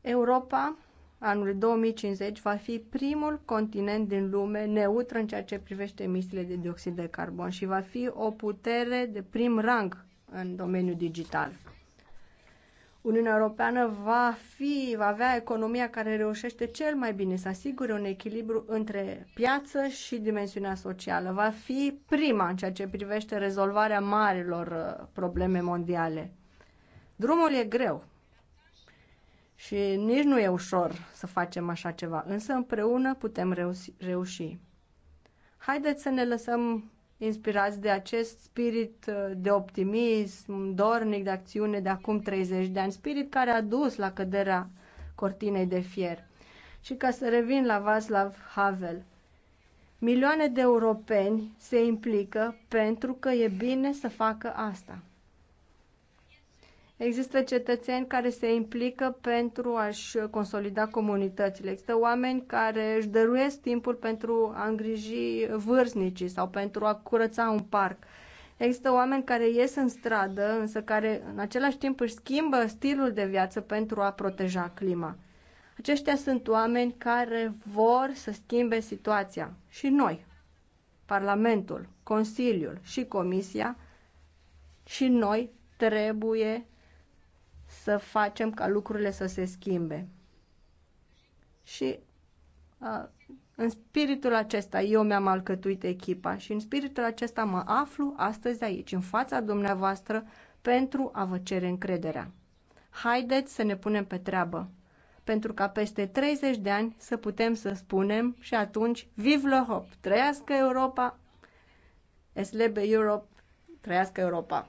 A: Europa Anul 2050 va fi primul continent din lume neutru în ceea ce privește emisiile de dioxid de carbon și va fi o putere de prim rang în domeniul digital. Uniunea Europeană va, fi, va avea economia care reușește cel mai bine să asigure un echilibru între piață și dimensiunea socială. Va fi prima în ceea ce privește rezolvarea marilor uh, probleme mondiale. Drumul e greu, și nici nu e ușor să facem așa ceva, însă împreună putem reuși. Haideți să ne lăsăm inspirați de acest spirit uh, de optimism, dornic de acțiune de acum 30 de ani, spirit care a dus la căderea cortinei de fier. Și ca să revin la Václav Havel, milioane de europeni se implică pentru că e bine să facă asta. Există cetățeni care se implică pentru a-și consolida comunitățile. Există oameni care își dăruiesc timpul pentru a îngriji vârstnicii sau pentru a curăța un parc. Există oameni care ies în stradă, însă care în același timp își schimbă stilul de viață pentru a proteja clima. Aceștia sunt oameni care vor să schimbe situația. Și noi, Parlamentul, Consiliul și Comisia, și noi trebuie să facem ca lucrurile să se schimbe. Și a, în spiritul acesta eu mi-am alcătuit echipa și în spiritul acesta mă aflu astăzi aici, în fața dumneavoastră, pentru a vă cere încrederea. Haideți să ne punem pe treabă, pentru ca peste 30 de ani să putem să spunem și atunci viv le Hop! Trăiască Europa! lebe Europe! Trăiască Europa!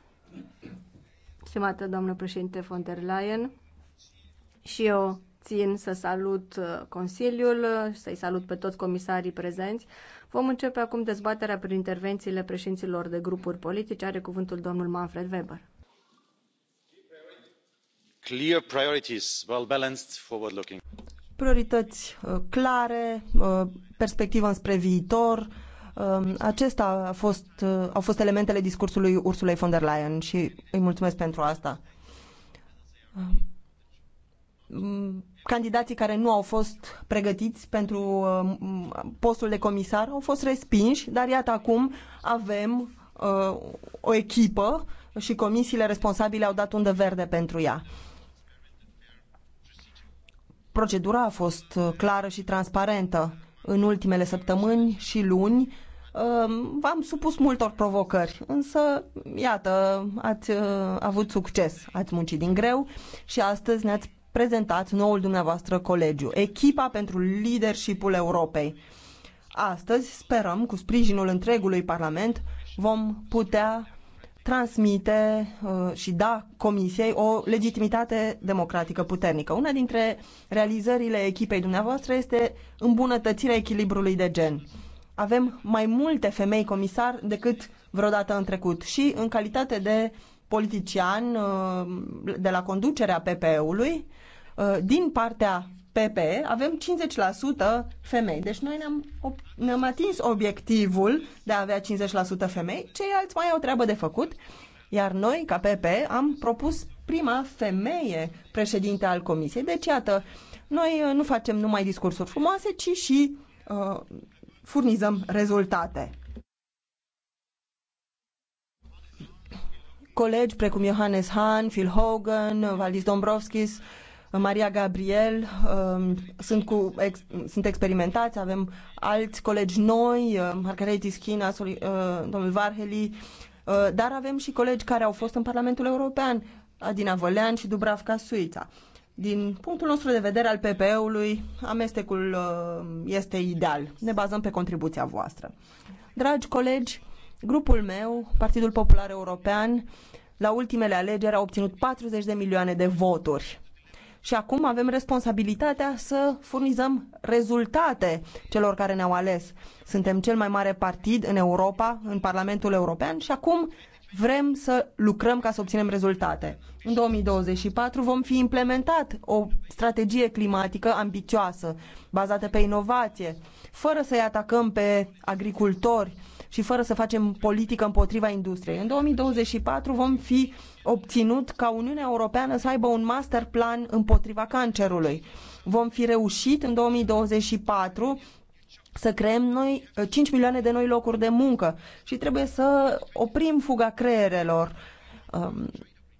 A: Stimată doamnă președinte von der Leyen, și eu țin să salut uh, Consiliul, uh, să-i salut pe toți comisarii prezenți. Vom începe acum dezbaterea prin intervențiile președinților de grupuri politice. Are cuvântul domnul Manfred Weber.
B: Clear priorities, well balanced, forward looking.
A: Priorități uh, clare,
C: perspectivă înspre viitor, Um, acesta a fost, uh, au fost elementele discursului Ursulei von der Leyen și îi mulțumesc pentru asta. Um, candidații care nu au fost pregătiți pentru um, postul de comisar au fost respinși, dar iată acum avem uh, o echipă și comisiile responsabile au dat undă verde pentru ea. Procedura a fost uh, clară și transparentă. În ultimele săptămâni și luni, V-am supus multor provocări, însă, iată, ați uh, avut succes, ați muncit din greu și astăzi ne-ați prezentat noul dumneavoastră colegiu, echipa pentru leadershipul Europei. Astăzi, sperăm, cu sprijinul întregului Parlament, vom putea transmite uh, și da Comisiei o legitimitate democratică puternică. Una dintre realizările echipei dumneavoastră este îmbunătățirea echilibrului de gen avem mai multe femei comisar decât vreodată în trecut și în calitate de politician uh, de la conducerea PPE-ului, uh, din partea PPE avem 50% femei. Deci noi ne-am, ne-am atins obiectivul de a avea 50% femei, ceilalți mai au treabă de făcut, iar noi, ca PPE, am propus prima femeie președinte al comisiei. Deci, iată, noi uh, nu facem numai discursuri frumoase, ci și uh, furnizăm rezultate. Colegi precum Johannes Hahn, Phil Hogan, Valdis Dombrovskis, Maria Gabriel um, sunt, cu, ex, sunt experimentați, avem alți colegi noi, uh, Margareti Schina, uh, domnul Varheli, uh, dar avem și colegi care au fost în Parlamentul European, Adina Volean și Dubravka Suița. Din punctul nostru de vedere al PPE-ului, amestecul uh, este ideal. Ne bazăm pe contribuția voastră. Dragi colegi, grupul meu, Partidul Popular European, la ultimele alegeri a obținut 40 de milioane de voturi. Și acum avem responsabilitatea să furnizăm rezultate celor care ne-au ales. Suntem cel mai mare partid în Europa, în Parlamentul European și acum Vrem să lucrăm ca să obținem rezultate. În 2024 vom fi implementat o strategie climatică ambițioasă, bazată pe inovație, fără să-i atacăm pe agricultori și fără să facem politică împotriva industriei. În 2024 vom fi obținut ca Uniunea Europeană să aibă un master plan împotriva cancerului. Vom fi reușit în 2024 să creăm noi 5 uh, milioane de noi locuri de muncă și trebuie să oprim fuga creierelor. Um,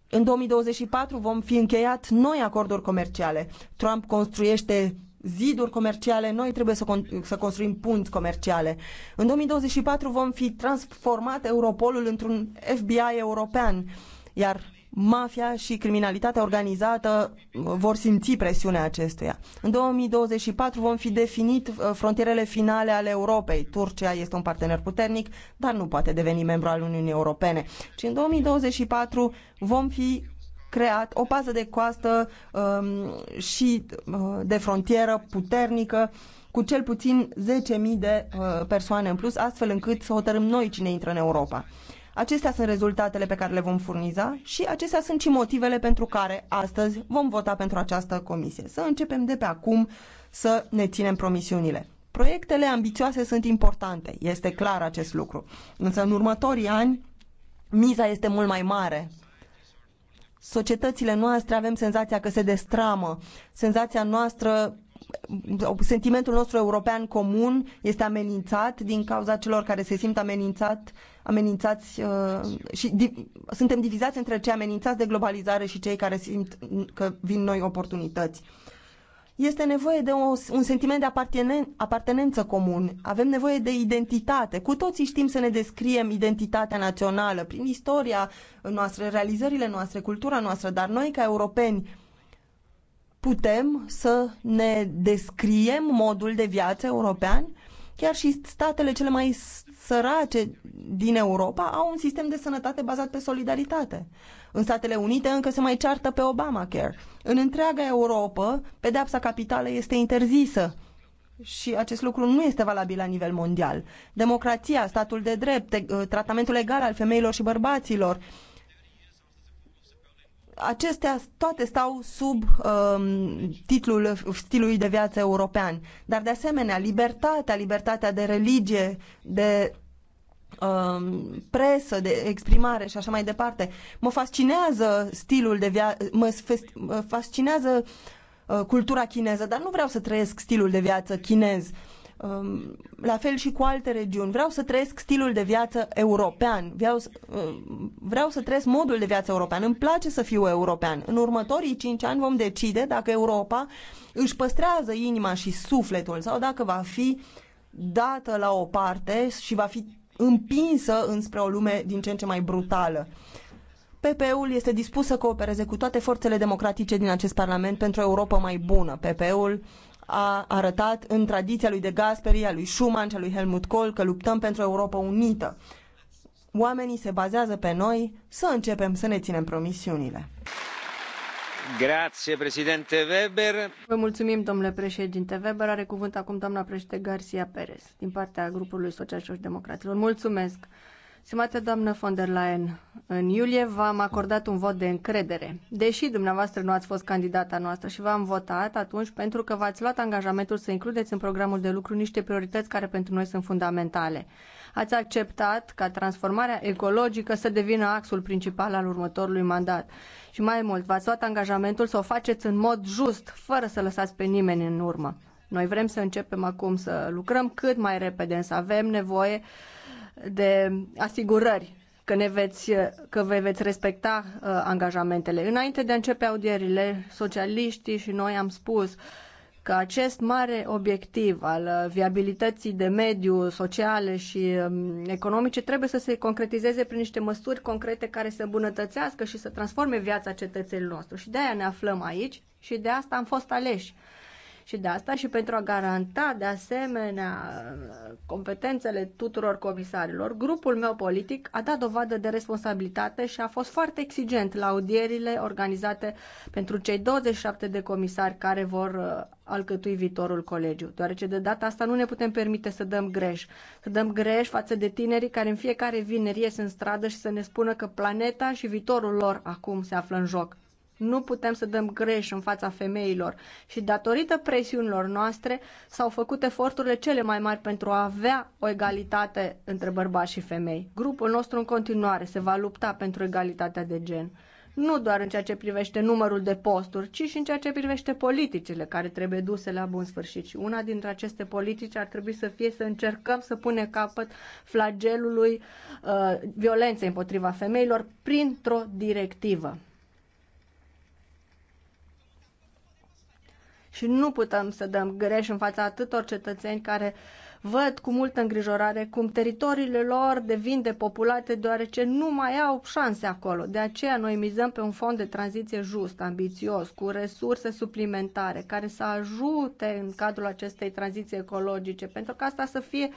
C: în 2024 vom fi încheiat noi acorduri comerciale. Trump construiește ziduri comerciale, noi trebuie să, con- să construim punți comerciale. În 2024 vom fi transformat Europolul într-un FBI european, iar mafia și criminalitatea organizată uh, vor simți presiunea acestuia. În 2024 vom fi definit uh, frontierele finale ale Europei. Turcia este un partener puternic, dar nu poate deveni membru al Uniunii Europene. Și în 2024 vom fi creat o pază de coastă um, și uh, de frontieră puternică cu cel puțin 10.000 de uh, persoane în plus, astfel încât să hotărâm noi cine intră în Europa. Acestea sunt rezultatele pe care le vom furniza și acestea sunt și motivele pentru care astăzi vom vota pentru această comisie. Să începem de pe acum să ne ținem promisiunile. Proiectele ambițioase sunt importante, este clar acest lucru. Însă în următorii ani miza este mult mai mare. Societățile noastre avem senzația că se destramă. Senzația noastră sentimentul nostru european comun este amenințat din cauza celor care se simt amenințat amenințați uh, și di, suntem divizați între cei amenințați de globalizare și cei care simt că vin noi oportunități. Este nevoie de o, un sentiment de apartenen, apartenență comun. Avem nevoie de identitate. Cu toții știm să ne descriem identitatea națională prin istoria noastră, realizările noastre, cultura noastră, dar noi ca europeni putem să ne descriem modul de viață european Chiar și statele cele mai sărace din Europa au un sistem de sănătate bazat pe solidaritate. În Statele Unite încă se mai ceartă pe Obamacare. În întreaga Europa, pedepsa capitală este interzisă și acest lucru nu este valabil la nivel mondial. Democrația, statul de drept, ă, tratamentul egal al femeilor și bărbaților, acestea toate stau sub uh, titlul stilului de viață european. Dar, de asemenea, libertatea, libertatea de religie, de um, presă, de exprimare și așa mai departe. Mă fascinează stilul de viață, mă, fascinează uh, cultura chineză, dar nu vreau să trăiesc stilul de viață chinez. Uh, Um, la fel și cu alte regiuni. Vreau să trăiesc stilul de viață european, vreau, să, uh, vreau să trăiesc modul de viață european, îmi place să fiu european. În următorii cinci ani vom decide dacă Europa își păstrează inima și sufletul sau dacă va fi dată la o parte și va fi împinsă înspre o lume din ce în ce mai brutală. PPE-ul este dispus să coopereze cu toate forțele democratice din acest Parlament pentru o Europa mai bună. PPE-ul a arătat în tradiția lui de Gasperi, a lui Schumann și a lui Helmut Kohl că luptăm pentru Europa unită. Oamenii
A: se bazează pe noi să începem să ne ținem promisiunile. Grazie, președinte Weber. Vă mulțumim, domnule președinte Weber. Are cuvânt acum doamna președinte Garcia Perez, din partea grupului Social și Democraților. Mulțumesc! Stimată doamnă von der Leyen, în iulie v-am acordat un vot de încredere, deși dumneavoastră nu ați fost candidata noastră și v-am votat atunci pentru că v-ați luat angajamentul să includeți în programul de lucru niște priorități care pentru noi sunt fundamentale. Ați acceptat ca transformarea ecologică să devină axul principal al următorului mandat. Și mai mult, v-ați luat angajamentul să o faceți în mod just, fără să lăsați pe nimeni în urmă. Noi vrem să începem acum să lucrăm cât mai repede, însă avem nevoie uh, de asigurări că, ne veți, că vă veți respecta uh, angajamentele. Înainte de a începe audierile, socialiștii și noi am spus că acest mare obiectiv al uh, viabilității de mediu sociale și um, economice trebuie să se concretizeze prin niște măsuri concrete care să îmbunătățească și să transforme viața cetățenilor nostru. Și de aia ne aflăm aici și de asta am fost aleși. Uh, și de asta și pentru a garanta de asemenea competențele tuturor comisarilor, grupul meu politic a dat dovadă de responsabilitate și a fost foarte exigent la audierile organizate pentru cei 27 de comisari care vor uh, alcătui viitorul colegiu, deoarece de data asta nu ne putem permite să dăm greș. Să dăm greș față de tinerii care în fiecare vineri ies în stradă și să ne spună că planeta și viitorul lor acum se află în joc. Nu putem să dăm greș în fața femeilor și datorită presiunilor noastre s-au făcut eforturile cele mai mari pentru a avea o egalitate între bărbați și femei. Grupul nostru în continuare se va lupta pentru egalitatea de gen nu doar în ceea ce privește numărul de posturi, ci și în ceea ce privește politicile care trebuie duse la bun sfârșit. Și una dintre aceste politici ar trebui să fie să încercăm să punem capăt flagelului uh, violenței împotriva femeilor printr-o directivă. și nu putem să dăm greș în fața atâtor cetățeni care văd cu multă îngrijorare cum teritoriile lor devin depopulate deoarece nu mai au șanse acolo. De aceea noi mizăm pe un fond de tranziție just, ambițios, cu resurse suplimentare care să ajute în cadrul acestei tranziții ecologice, pentru că asta să fie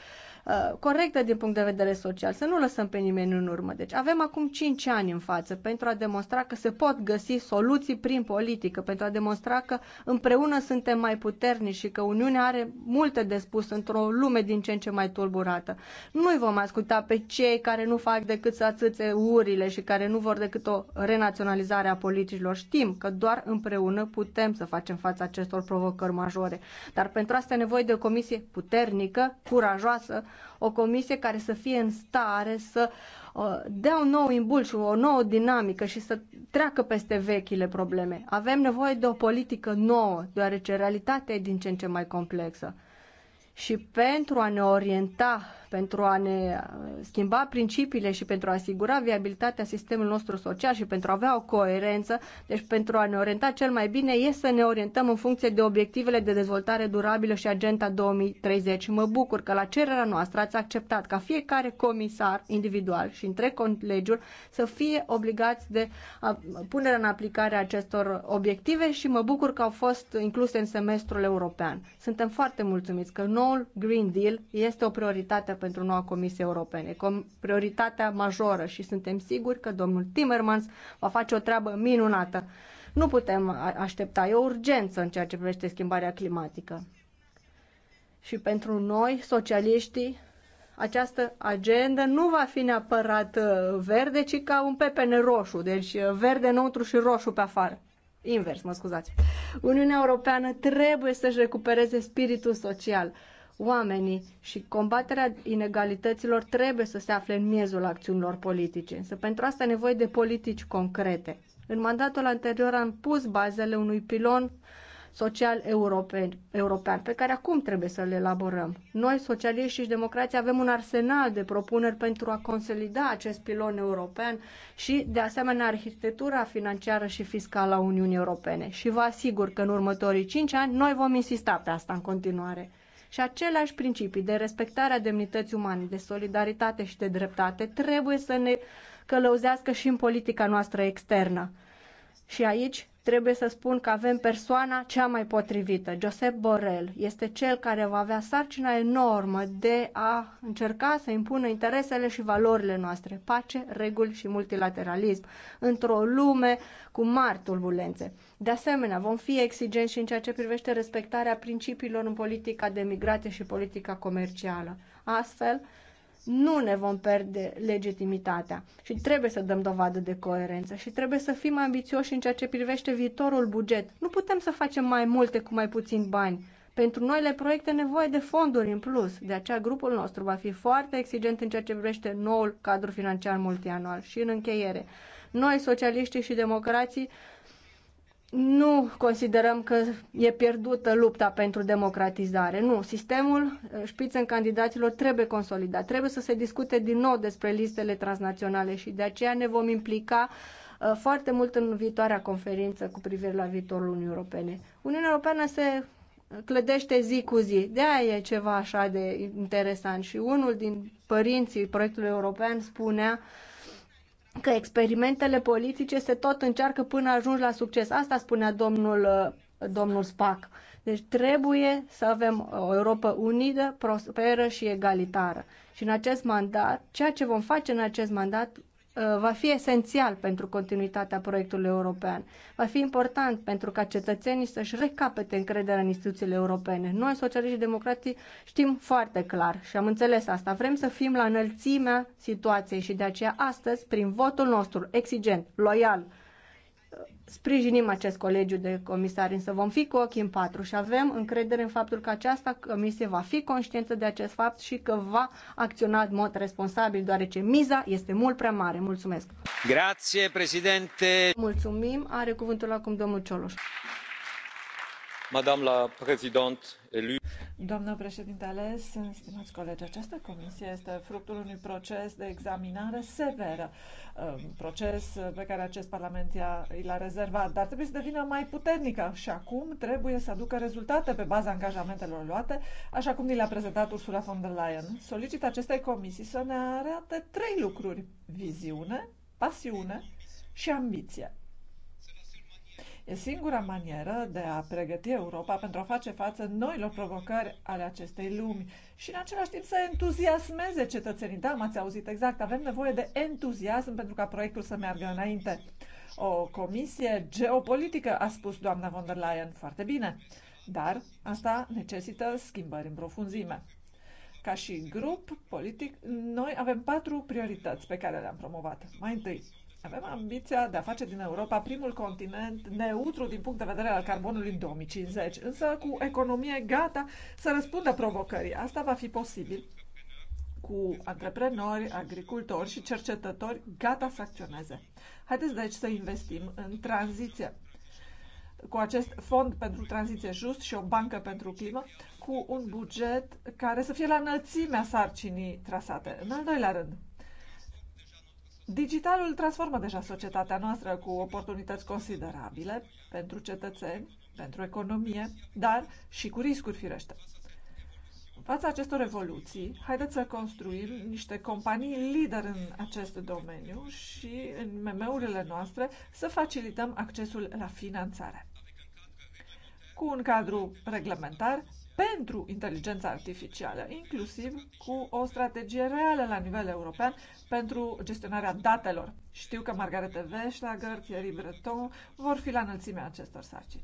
A: uh, corectă din punct de vedere social, să nu lăsăm pe nimeni în urmă. Deci avem acum 5 ani în față pentru a demonstra că se pot găsi soluții prin politică, pentru a demonstra că împreună suntem mai puternici și că Uniunea are multe de spus într-o lume lume din ce în ce mai tulburată. Nu-i vom asculta pe cei care nu fac decât să atâțe urile și care nu vor decât o renaționalizare a politicilor. Știm că doar împreună putem să facem față acestor provocări majore. Dar pentru asta e nevoie de o comisie puternică, curajoasă, o comisie care să fie în stare să uh, dea un nou impuls, o nouă dinamică și să treacă peste vechile probleme. Avem nevoie de o politică nouă, deoarece realitatea e din ce în ce mai complexă și pentru a ne orienta pentru a ne uh, schimba principiile și pentru a asigura viabilitatea sistemului nostru social și pentru a avea o coerență, deci pentru a ne orienta cel mai bine, este să ne orientăm în funcție de obiectivele de dezvoltare durabilă și Agenda 2030. Mă bucur că la cererea noastră ați acceptat ca fiecare comisar individual și între colegiul să fie obligați de punerea în aplicare a acestor obiective și mă bucur că au fost incluse în semestrul european. Suntem foarte mulțumiți că noul Green Deal este o prioritate pentru noua Comisie Europene. Com- prioritatea majoră și suntem siguri că domnul Timmermans va face o treabă minunată. Nu putem aștepta, e o urgență în ceea ce privește schimbarea climatică. Și pentru noi, socialiștii, această agendă nu va fi neapărat uh, verde, ci ca un pepene roșu, deci uh, verde înăuntru și roșu pe afară. Invers, mă scuzați. Uniunea Europeană trebuie să-și recupereze spiritul social oamenii și combaterea inegalităților trebuie să se afle în miezul acțiunilor politice. Însă pentru asta e nevoie de politici concrete. În mandatul anterior am pus bazele unui pilon social european, european, pe care acum trebuie să le elaborăm. Noi, socialiști și democrații, avem un arsenal de propuneri pentru a consolida acest pilon european și, de asemenea, arhitectura financiară și fiscală a Uniunii Europene. Și vă asigur că în următorii cinci ani noi vom insista pe asta în continuare și aceleași principii de respectare a demnității umane, de solidaritate și de dreptate trebuie să ne călăuzească și în politica noastră externă. Și aici trebuie să spun că avem persoana cea mai potrivită. Josep Borrell este cel care va avea sarcina enormă de a încerca să impună interesele și valorile noastre, pace, reguli și multilateralism, într-o lume cu mari turbulențe. De asemenea, vom fi exigenți și în ceea ce privește respectarea principiilor în politica de migrație și politica comercială. Astfel, nu ne vom pierde legitimitatea și trebuie să dăm dovadă de coerență și trebuie să fim ambițioși în ceea ce privește viitorul buget. Nu putem să facem mai multe cu mai puțin bani. Pentru noile proiecte nevoie de fonduri în plus, de aceea grupul nostru va fi foarte exigent în ceea ce privește noul cadru financiar multianual. Și în încheiere, noi, socialiștii și democrații, nu considerăm că e pierdută lupta pentru democratizare. Nu, sistemul uh, șpiță în candidaților trebuie consolidat. Trebuie să se discute din nou despre listele transnaționale și de aceea ne vom implica uh, foarte mult în viitoarea conferință cu privire la viitorul Uniunii Europene. Uniunea Europeană se clădește zi cu zi. De aia e ceva așa de interesant și unul din părinții proiectului european spunea uh, că experimentele politice se tot încearcă până ajungi la succes. Asta spunea domnul, uh, domnul Spac. Deci trebuie să avem uh, o Europa unită, prosperă și egalitară. Și în acest mandat, ceea ce vom face în acest mandat Uh, va fi esențial pentru continuitatea proiectului european. Va fi important pentru ca cetățenii să-și recapete încrederea în instituțiile europene. Noi, socialiști și democrații, știm foarte clar și am înțeles asta. Vrem să fim la înălțimea situației și de aceea astăzi, prin votul nostru exigent, loial, sprijinim acest colegiu de comisari, însă vom fi cu ochii în patru și avem încredere în faptul că această comisie va fi conștientă de acest fapt și că va acționa în mod responsabil, deoarece miza este mult prea mare. Mulțumesc!
B: Grație, președinte!
A: Mulțumim! Are cuvântul acum domnul Cioloș
B: doamnă președintă ales, stimați colegi, această comisie este fructul unui proces de examinare severă, un um, proces pe care acest parlament i l-a rezervat, dar trebuie să devină mai puternică și acum trebuie să aducă rezultate pe baza angajamentelor luate, așa cum ni le-a prezentat Ursula von der Leyen. Solicit acestei comisii să ne arate trei lucruri, viziune, pasiune și ambiție E singura manieră de a pregăti Europa pentru a face față noilor provocări ale acestei lumi și în același timp să entuziasmeze cetățenii. Da, m-ați auzit exact, avem nevoie de entuziasm pentru ca proiectul să meargă înainte. O comisie geopolitică, a spus doamna von der Leyen, foarte bine, dar asta necesită schimbări în profunzime. Ca și grup politic, noi avem patru priorități pe care le-am promovat. Mai întâi, avem ambiția de a face din Europa primul continent neutru din punct de vedere al carbonului în 2050, însă cu economie gata să răspundă provocării. Asta va fi posibil cu antreprenori, agricultori și cercetători gata să acționeze. Haideți deci să investim în tranziție cu acest fond pentru tranziție just și o bancă pentru climă, cu un buget care să fie la înălțimea sarcinii trasate. În al doilea rând, Digitalul transformă deja societatea noastră cu oportunități considerabile pentru cetățeni, pentru economie, dar și cu riscuri firește. În fața acestor evoluții, haideți să construim niște companii lider în acest domeniu și în MM-urile noastre să facilităm accesul la finanțare. Cu un cadru reglementar pentru inteligența artificială, inclusiv cu o strategie reală la nivel european pentru gestionarea datelor. Știu că Margarete Vestager, Thierry Breton vor fi la înălțimea acestor sarcini.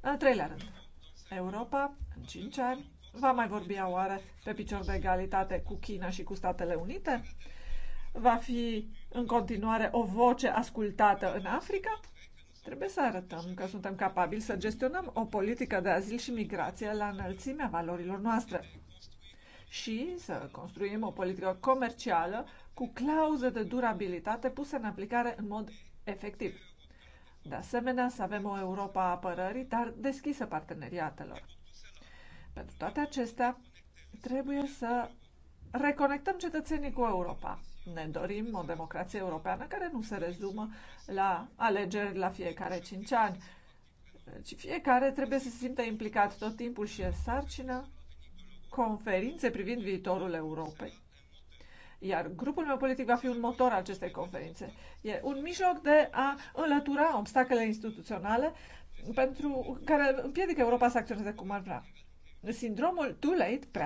B: În al treilea rând, Europa, în 5 ani, va mai vorbi oare pe picior de egalitate cu China și cu Statele Unite? Va fi în continuare o voce ascultată în Africa? Trebuie să arătăm că suntem capabili să gestionăm o politică de azil și migrație la înălțimea valorilor noastre și să construim o politică comercială cu clauze de durabilitate puse în aplicare în mod efectiv. De asemenea, să avem o Europa a apărării, dar deschisă parteneriatelor. Pentru toate acestea, trebuie să reconectăm cetățenii cu Europa ne dorim o democrație europeană care nu se rezumă la alegeri la fiecare cinci ani, ci fiecare trebuie să se simtă implicat tot timpul și e sarcină conferințe privind viitorul Europei. Iar grupul meu politic va fi un motor al acestei conferințe. E un mijloc de a înlătura obstacolele instituționale pentru care împiedică Europa să acționeze cum ar vrea. Sindromul too late, prea